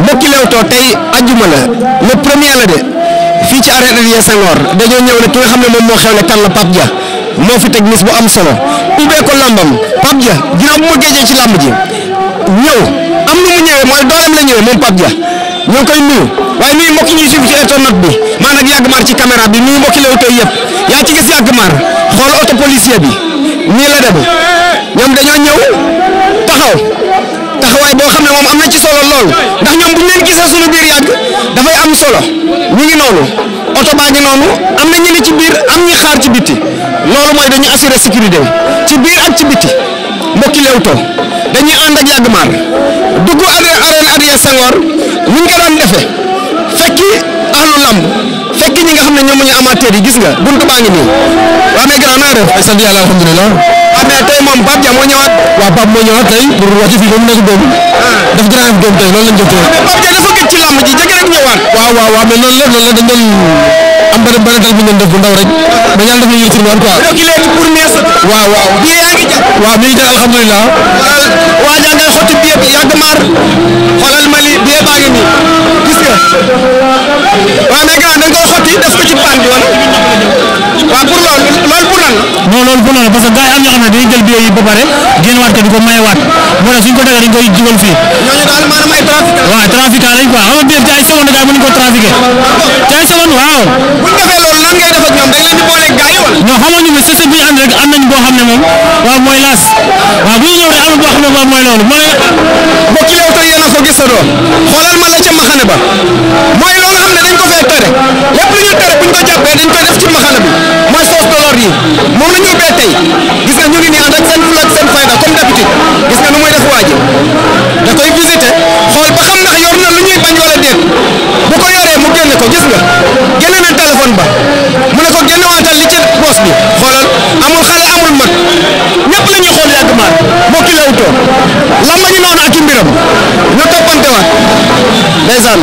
mbokki Leewtoo tey ajjuma la le premier la de fii ci arène Adrien Senghor dañoo ñëw ne ki nga xam ne moom moo xew ne kan la Pape Dia moo fi teg mis bu am solo ubbee ko lambam Pape Dia ginnaaw bu ma géejee ci lamb ji ñëw am nu mu ñëwee mooy dooleem la ñëwee moom Pape Dia ñoo koy nuyu waaye nuyu mbokki ñuy suivre ci internet bi maa nag yàgg maar ci caméra bi nuyu mbokki Leewtoo yëpp yaa ci gis yàgg maar xool auto bi nii la dem ñoom dañoo ñëw taxaw. waaye boo xam ne moom am na ci solo lool ndax ñoom bu ñu leen gisee suñu biir yàgg dafay am solo ñu ngi noonu oto baa ngi noonu am na ñu ne ci biir am ñi xaar ci biti loolu mooy dañuy assurer sécurité bi ci biir ak ci biti mbokki Leewtoo dañuy ànd ak yàgg maar dugg arène Adrien Senghor ñu ngi daan defee fekki. ahlu lamb fekk ñi nga xam ne ñoom ñu amateur yi gis nga buntu baa ngi nii waaw mais grand naa def ay sant yàlla alhamdulilah waaw ah, mais tey moom Pape Dia moo ñëwaat waaw Pape moo ñëwaat tey pour wàcc fii ba mu nekk boobu ah. daf grand game tey loolu lañ jot tey ah, Pape Dia dafa gëj ci lamb ji jege rek ñëwaat waaw waaw waaw mais noonu la noonu la dañ doon am benn benn tal bi ñu def bu ndaw rek mais yàlla def ñu yëkkati woon quoi donc il est pour mes waaw waaw bi yaa ngi jàpp waaw mi ngi jàpp alhamdulilah euh, waa jaa ngay xotti bi yàgg maar xoolal Mali bi baa ngi nii gis nga waaw mais gars dañ koy xotti def ko ci paan bi wala waaw pour loolu non loolu bu loolu parce am ñoo xam ne dañuy jël billet yi ba pare génnewaat ko di ko mayewaat moo tax suñ ko daga dañ koy jugal fii. ñooñu daal maanaam waaw trafiquants lañ quoi xam nga billet ci ay seconde gars yi mënuñ ko trafiqué ci ay seconde waaw. buñ defee loolu nan ngay def ak ñoom dañ leen ñu ne système bi ñu rek am boo xam ne moom waaw mooy laas waaw bu ñu ñëw rek am na boo xam ne moom mooy loolu mooy. boo kii léegi tey yéen a ko gis mooy loo nga ne dañ ko fee ñëwee tey gis nga ñu ngi nii ànd ak seen gis nga nu muy def waa ji da koy visiter xool ba xam ndax yor na lu ñuy bu ko yoree mu génne ko gis nga génne na téléphone ba mu ne ko génne waatal li ci boos bi xool amul xale amul mag ñëpp la ñuy xool yàgg maar moo ki lawutoo lamb ñu noonu ak i mbiram ñu toppante waat ndeysaan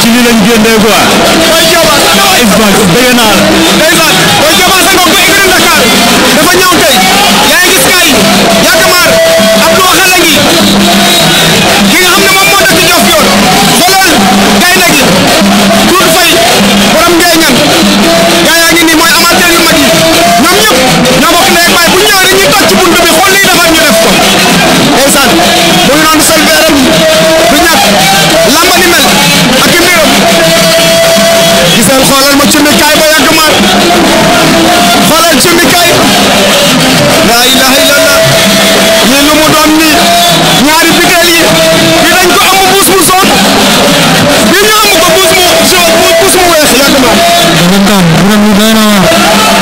ci li lañ génnee quoi. mooy Jobaas ana waay Isbak bëgg naa la. ndeysaan mooy Jobaas dafa ñëw tey yaa ngi gis kaay yaakamaar Abdou waxal ngi ki nga xam ne moom moo dëkk Diof Dior gi tuut fay borom ngeeñan gaa ngi nii mooy amateur yu mag yi ñoom ñëpp ñoo bokk ndey baay bu ñu ñëwee dañuy bunt bi xool lii ñu def ko ndeysaan mu ngi noonu sol veeram du lamba ni mel Sène xoolal ma cummi kaay ba yàgg maar xoolal cummi kaay laa ilaha illallah lii lu mu doon nii ñaari bigeel yi bi dañ ko am buus bu soog bi ñu am ko buus mu soog buus mu weex yàgg maar bukan bukan doy na waar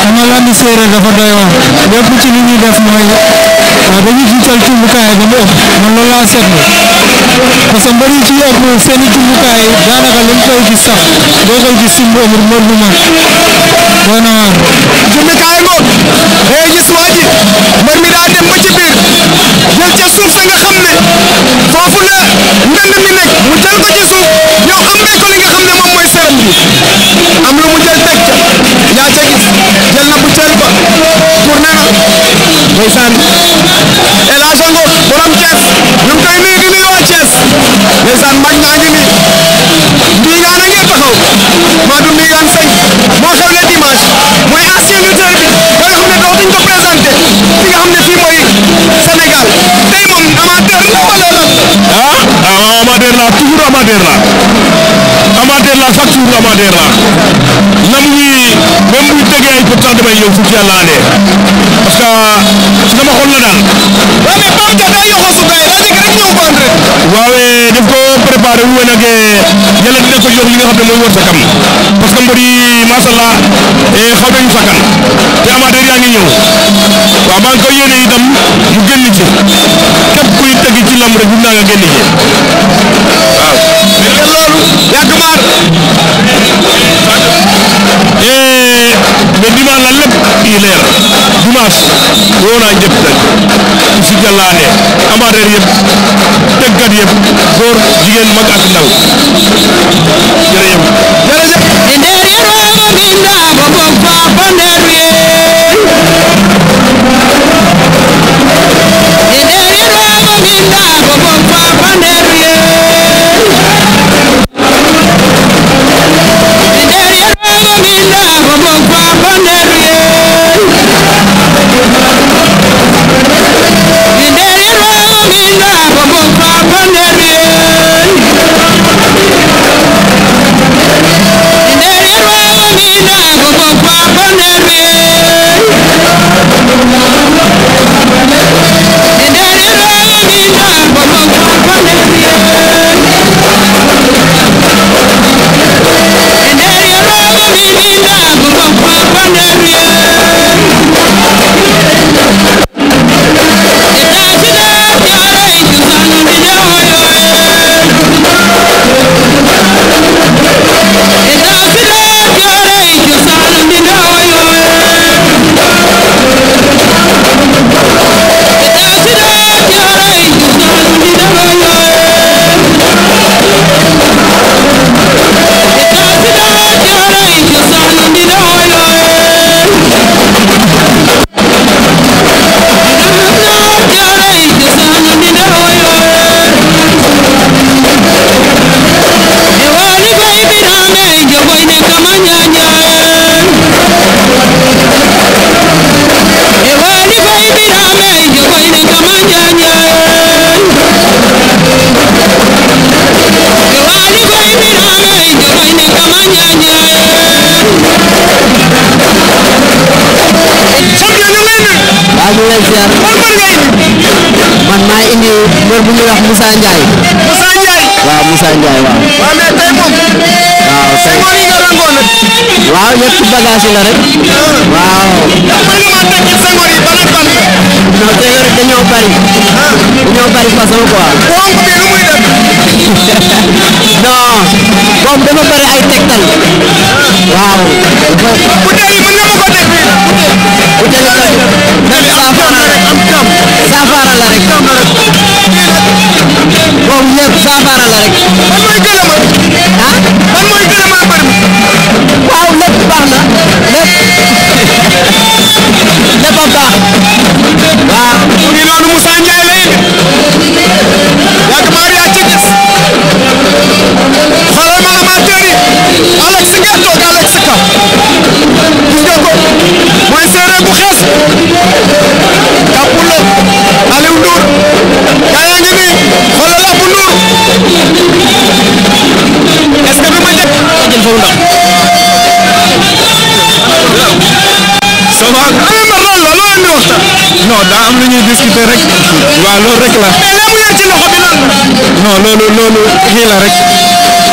sama lambi séeréer dafa doy waar lépp ci li ñuy def mooy waaw dañuy jiital jumtukaay ba mu ëpp man loolu laa seetlu parce que mbër yi ci ëpp seen i jumtukaay daanaka li mu koy gis sax doo koy gis si mbër mbër bu mag mi daa dem ba ci biir jël nga xam foofu la ndënd mi nekk mu jël ko ci suuf ko li nga xam ne moom am lu mu jël teg ca yaa ca gis ndeysaan El Hadj Sango borom Thiès ñu ngi koy waa Thiès ndeysaan mbaj naa ngi ni ndigaan a ngi taxaw Madou Ndigaan Seye moo xew le dimanche mooy ancien lutteur bi ne dootuñ ko présenté fi nga ne fii mooy Sénégal tey moom amateur la wala lan ah ah amateur la toujours même buy tegee ay pour sax damay ñëw fu ci yàlla andee parce que xol la daal. waaw mais Pape Dia daa yokk su gars yi daa nekk rek ñëw ba entraîné. waaw eh, daf ko préparé wu nag eh, yàlla dina ko jox li nga xam ne mooy wërsëgam parce que mbir yi macha allah eh, xaw nañu sakkan te amateur yaa ngi ñëw waaw maa ngi koy yéene itam mu génn ci képp kuy tegi ci lamb rek bu nga génn ci loolu yàgg maar eh mais dimanche la lépp di leer dimanche woo naa ñëpp nag si jàllaane amateur yëpp tëggat yëpp góor jigéen mag ak ndaw jërëjëf jërëjëf e ndeer yeroo binda bo bom faa bo ndeer yee e ndeer yeroo binda bo bom faa bo ndeer yee waaw yëpp ci bagage yi la rek. waaw. non Senghor it dañoo bari. dañoo bari façon quoi. non. boobu dafa bari ay tegtal. waaw. butéeli mën nga ma ko def fii. butéeli ko def saafara la rek. saafara la rek. boobu yëpp saafara la rek. ban mooy gën a mën. ah. ban mooy gën a loolu rek la. mais léegi mu yor ci loxo bi lan la. non loolu loolu kii la rek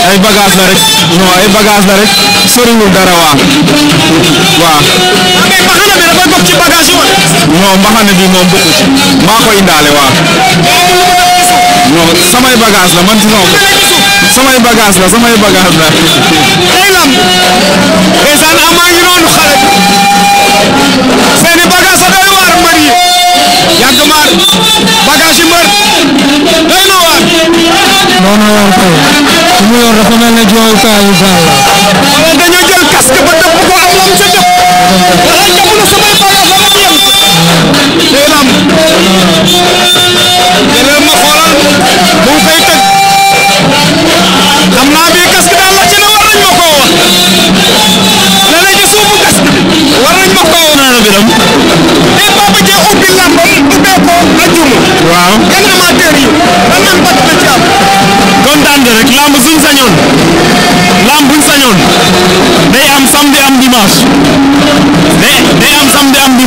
ay bagage la rek non ay bagage la rek soriwul dara waaw. waaw. Ah, mais mbaxana bi dafa bokk ci bagage yi wala. non mbaxana bi moom bokku ci. maa koy indaale waaw. non samay bagage la man ci sama. samay bagage la samay bagage la. day lam. ndeysaan amaa ah, ngi noonu xale. seeni bagage sa doy waar mari yàgg maar bagage yi mbër doy na waar. doy na waar kay su mu yor dafa mel ne jooyukaayu gaal la. wala dañoo jël casque ba dëpp ko am lam ca dëpp. wala jàpp na samay bagage la ma yem. day ram. jëlal ma xoolal mu ngi fay tëj. xam naa bii casque waaw yéen amateurs yi ban impact la ci am. kontaan rek lamb suñ sañoon lamb buñ sañoon day am samedi am am samedi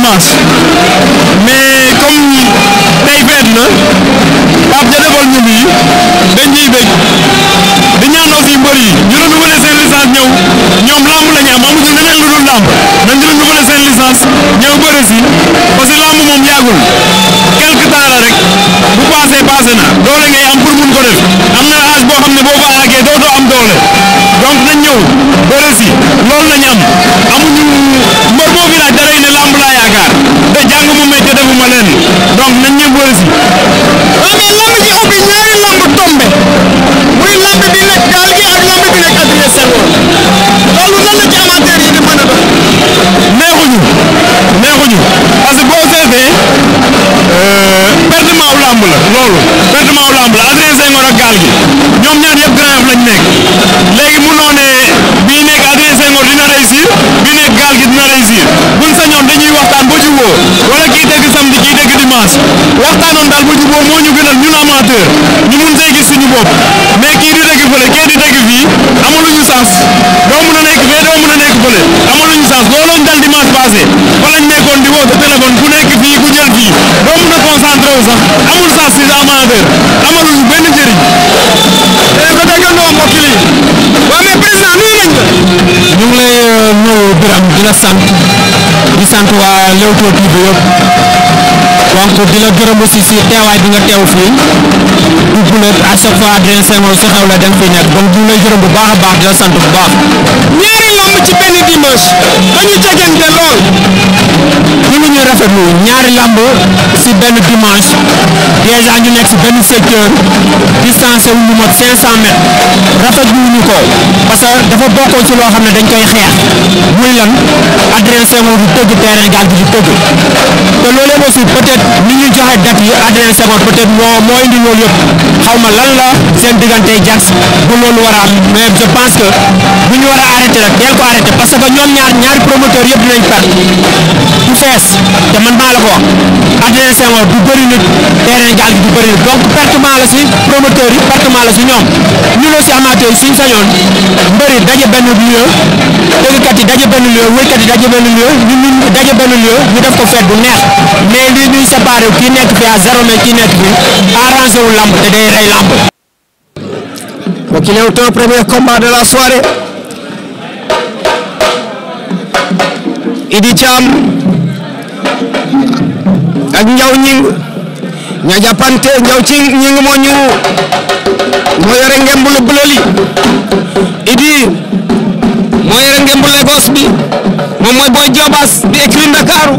amateur ñu mun see gis suñu bopp mais kii di dëkk fële kii di dëkk fii amaluñu sens doo mun a nekk fee doo mun nekk fële amaluñu sens looloo ñu dal dimanche passé fa nekkoon di woote téléphone ku nekk fii ku jël fii doo mun a concentré wu sax amul sens si amateur amaluñu benn njëriñ. Eh, tey ba déggandoo mbokk yi waaw mais président nuyu nañ la. ñu ngi lay euh, nuyu Birame di sant di sant waa Leewtoo TV yëpp. di la gërëm aussi si teewaay bi nga teew fii du gulet à chaque fois Adrien Senghor su xew la dem fii nekk donc du lay gërëm bu baax a baax di la sant bu baax benn lamb ci benn dimanche dañu jegante lool ñu ngi ñuy rafetlu ñaari lamb si benn dimanche déjà ñu nekk si benn secteur distancé wu ñu mot 500 mètres rafetlu ñu ko parce que dafa bokkoon ci loo xam ne dañ koy xeex muy lan Adrien Senghor di tëgg terrain gaal bi di tëgg te loolu aussi peut-être ni ñuy joxe date yi Adrien Senghor peut-être moo moo indi loolu yëpp xaw ma lan la seen diggante jax bu loolu war mais je pense que bu ñu war a rek. deel ko arrêté parce que ñoom ñaar ñaari promoteur yëpp dinañ perte du fees te man maa la ko wax Adrien Senghor du bëri nit terrain gaal gi du bëri nit la si promoteur yi pertement la si ñoom ñun aussi amateurs suñ sañoon mbëri daje benn lieu dëggkat yi daje benn lieu wéykat yi daje benn lieu ñun ñu daje def ko fête bu neex mais lii ñuy séparé kii nekk fii à zéro mais kii nekk fii arrangé wu lamb te day rey lamb. mbokk yi Leewtoo premier combat de la soirée. Idi Thiam ak Njaw Ñing ña jàppante Njaw ci Ñing moo ñu moo yore ngemb Idi moo yore ngemb Lagos bi moom mooy Boy bi écurie Ndakaaru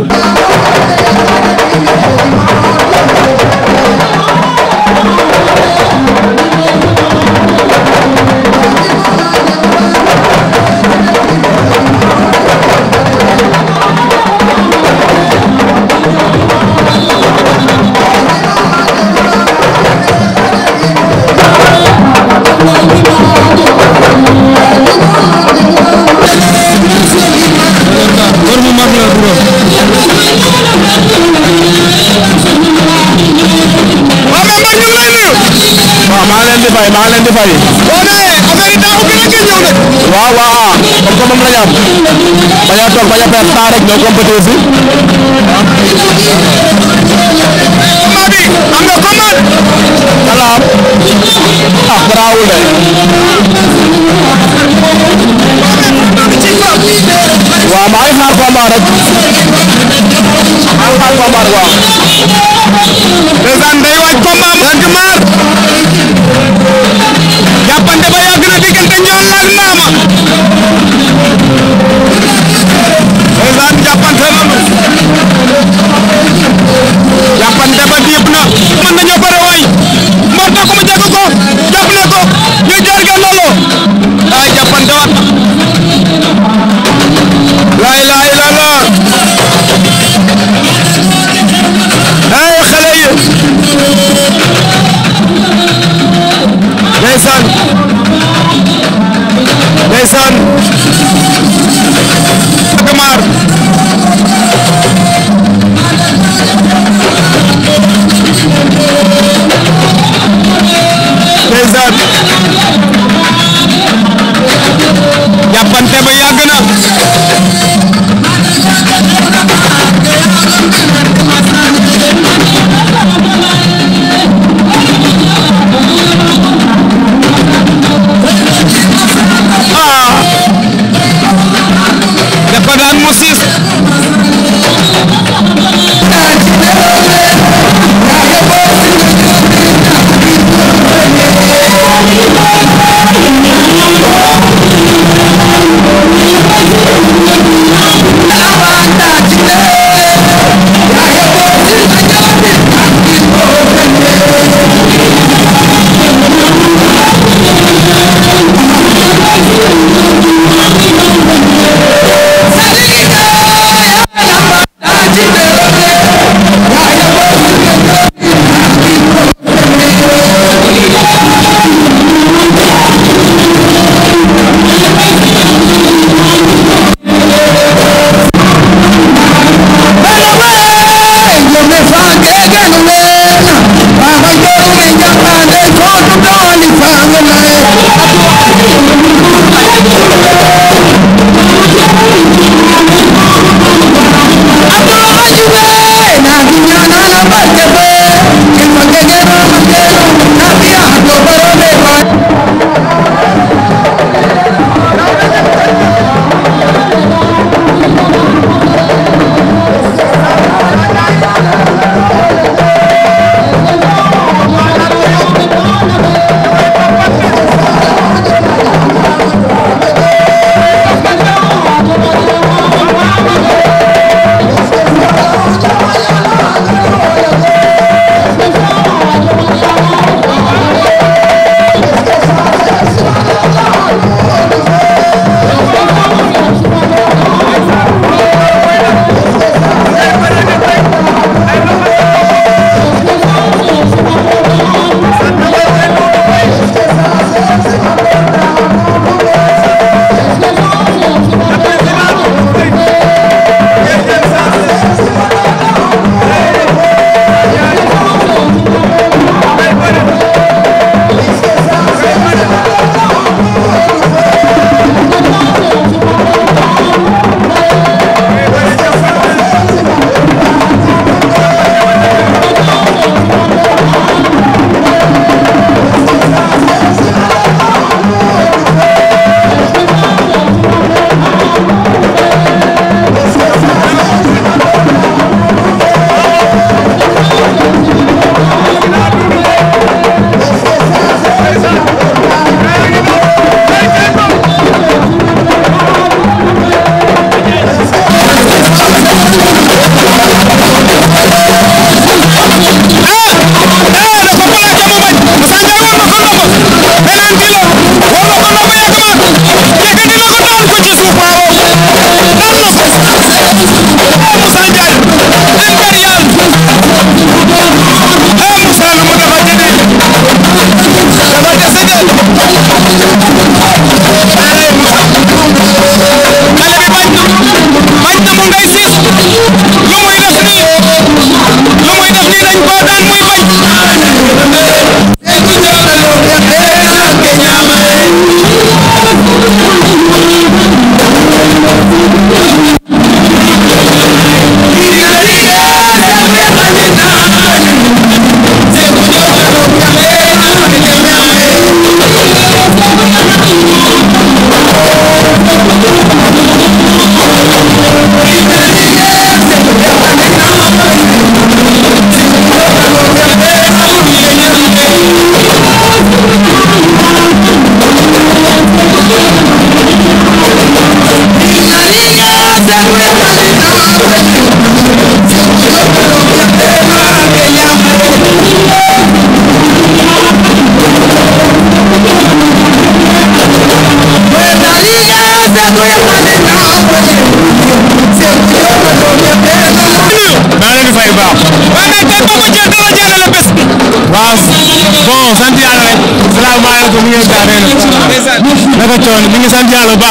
fay maa ngi leen di fay. boo nee affaire yi daaw bi rek ñëw nag. waaw waaw parce ah, que moom la ñu am bañ a toog bañ a perte temps rek ñoo compétir si. combat bi am nga combat. voilà ah garaawul de. waaw maa ngi xaar combat rek. maa ngi xaar combat rek waaw. ndeysaan day waaj combat Yank Maar jàppante ba yàgg na diggante Ndiol la ak Naama ndeysaan jàppante nañu jàppante ba diib na mën nañoo bare waay mor na ko mu jàgg ko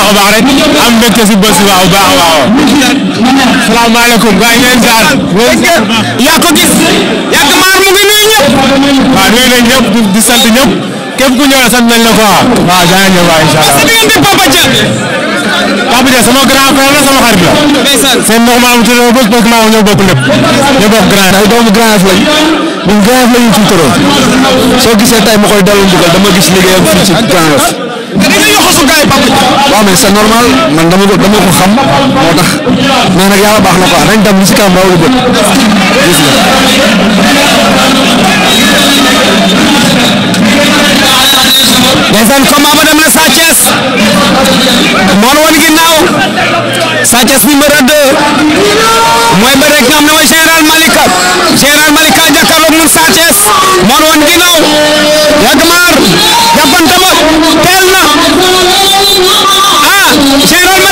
a baax rek am mbégte si bés waaw baax a baax waaw. salaamaaleykum gars yi ngeen jaar. yaa ko gis. yaa ko maar mu ngi nuyu ñëpp. ku ñëw sant nañ la quoi. waaw daa ñëw waaw incha allah. Papa Dia. Papa Dia sama grand frère la sama xarit la. seen ndox maa mu tuddoo bés bés maa ñoo bokk lépp. ñoo ay doomu grand lañ. ñun grand lañu tuuturoo. soo gisee tay ma koy daloon dugal dama gis liggéeyam fii ci grand mais dañuy yoxasu gars yi Papa Dia. waaw mais c'est normal man dama ko dama ko xam moo tax mais nag yàlla baax na quoi nañ dem li si kanam rawatina bët gis ndeysaan combat ba dem na moon woon ginnaaw Sa Thiès numéro 2 mooy ba rek nga xam ne mooy Malika général Malika jàkkaarloog moom Sa Thiès moon woon ginnaaw yàgg maar jàppante ba teel na ah général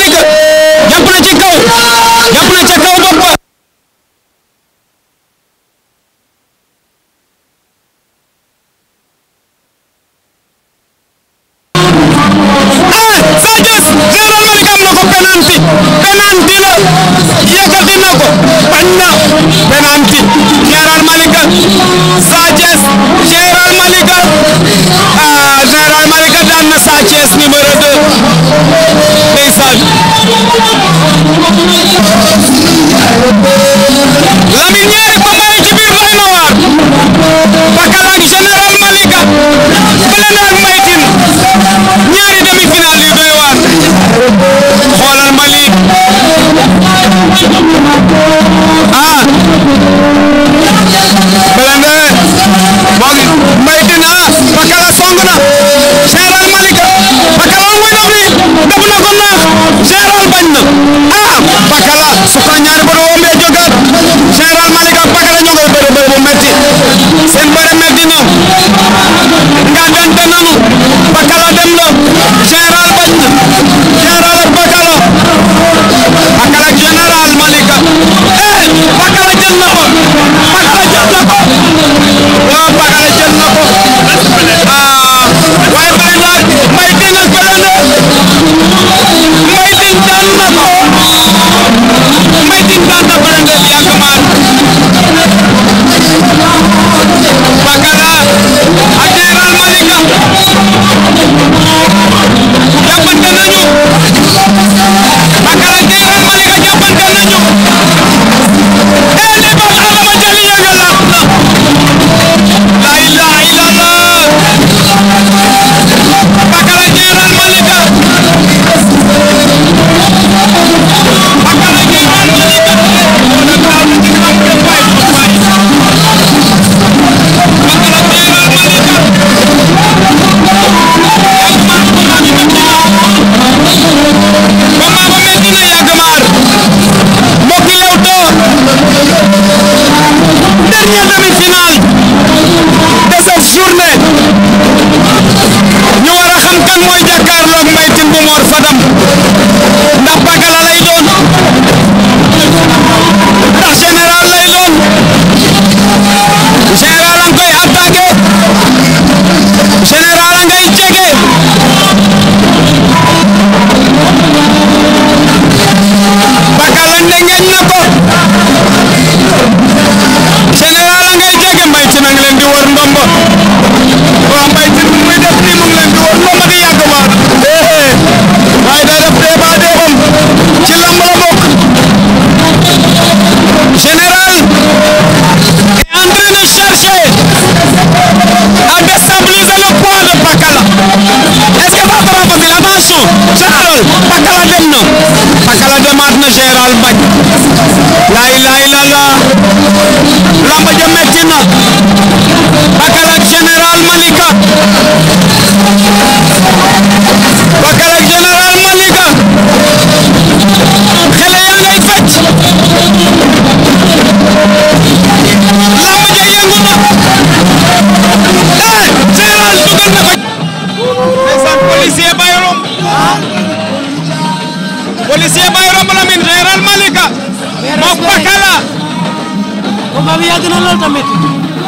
combat bi yàgg na lool tamit.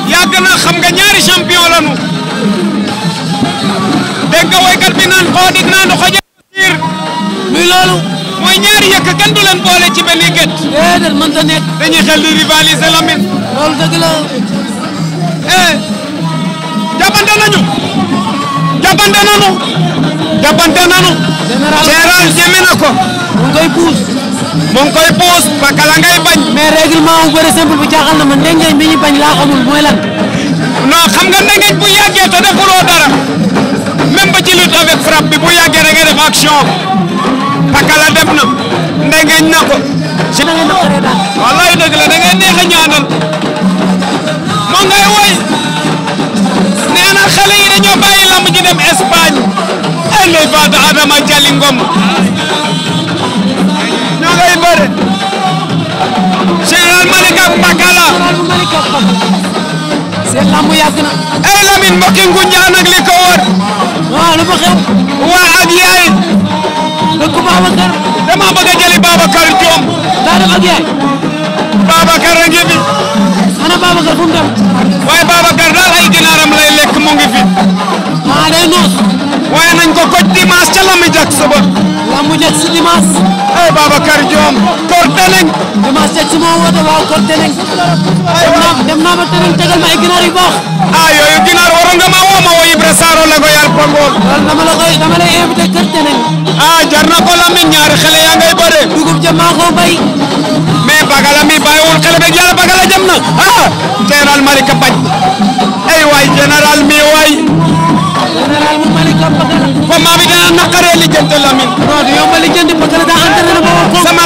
yàgg na xam nga ñaari champion lañu. dégg nga woykat bi naan xoo dig naan a ci benn gët. déedéet mën ta nekk. dañuy xel di rivaliser Lamine. loolu dëgg la. eh jàppante nañu. jàppante nañu. jàppante nañu. général général ñeme na ko. mu ngi mu ngi koy puus Pakala ngay bañ. mais règlement bu bëri simple bu jaaxal na ma ndengeñ bi ñu bañ laa mooy lan. non xam nga ndengeñ bu yàggee te defuloo dara même ba ci lutte avec frappe bi bu yàggee da ngay def action Pakala na ndengeñ na ko. si da ngay naqaree daal. a ñaanal moo ngay xale yi dañoo bàyyi lamb ji dem Espagne Adama Jali seen lamb yàgg na. ay Lamine mbokki li ko wër. waaw waa ak yaay. dëkk Babacar. dama bëgg a jëli Babacar Diome. ana Babacar fu mu waaye Babacar daal ay ginaaram lay lekk mu ngi fi. ah ko koj dimanche ca Lamine Diack suba. Lamine Diack si dimanche. ay Babacar korte nañ. dama seet su ma woote waaw korte nañ. aywa dem naa ba tamit tegal ma ay ginaar yu baax. ah yooyu ginaar waroon nga ma woo ma woo Ibra Saro la ko yàlla pongoon. dama la koy dama lay invité korte nañ. ah jar na ko Lamine ñaari xale yaa ngay bëre. dugub jëm maa ko bay. mais bagala mi bàyyiwul xale beeg yàlla bagala jëm na ah. général Malika bañ. ay waay général mi waay. général mu Malika bagala. comme maa bi dana naqaree lijjanti Lamine. non du yomb a lijjanti parce que daa entraîné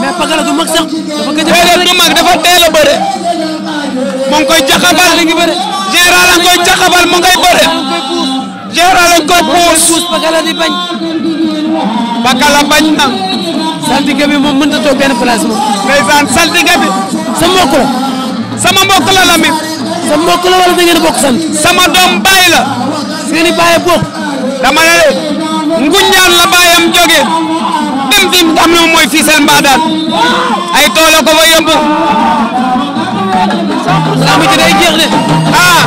mais Pakala du mag sax dafa gëj a. du a bëre. mu ngi koy jaxabal li ngi bëre. général a koy bëre. général a puus. Pakala di bañ. Pakala bañ na. saltige bi moom mënut a toog benn place moom. ndeysaan saltige bi. sama mbokk la la mi. sa la wala da ngeen bokk sant. sama doom bàyyi la. ngeen di bàyyi dama ne de. Nguñaan la bàyyam jógee. dem fi am na mooy fii seen mbaadaan ay toolo ko fa yóbbu lamb ji day jeex de ah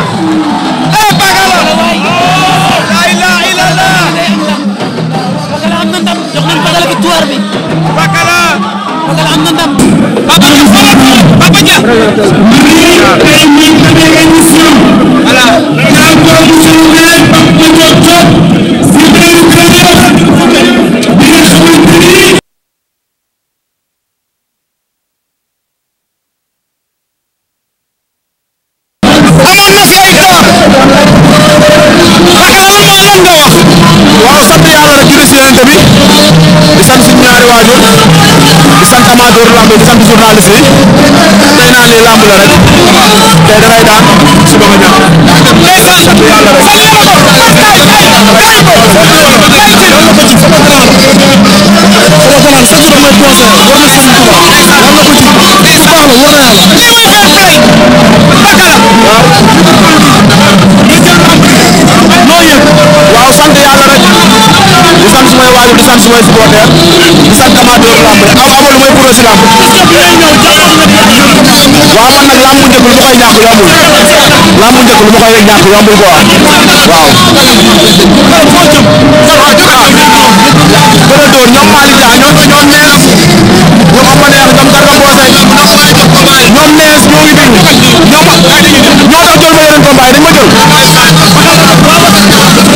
eh bagala la ilaha illallah bagala am na ndam jox nañ bagala victoire bi bagala bagala am na ndam papa ñu xala papa ña ay ñi tamé nga ñu sul wala ñaan ko ñu sul ngeen papa ñu jox ci dañu ko di sant journaliste yi tey naa ne lamb la rek tey danay daan suba nga ñàkk sant yàlla rek am sax ba ma joxe war na sëñ Tuuba war na ko ci war na yàlla waaw sant yàlla rek di sant sumay waajur di sant sumay supporter di sant amateur lamb rek aw amalu may pro si lamb waaw man nag lambu njëkk lu ma koy ñàkk yombul lambu njëkk lu ma koy ñàkk yombul quoi waaw bëre door ñoom Malick Dia ñoom ñoom ñoom nees ñoom am ma neex ñoom Garga Mbossé ñoom nees ñoo ngi dégg ñoom ñoo tax jël ma yeneen combat yi dañ ma jël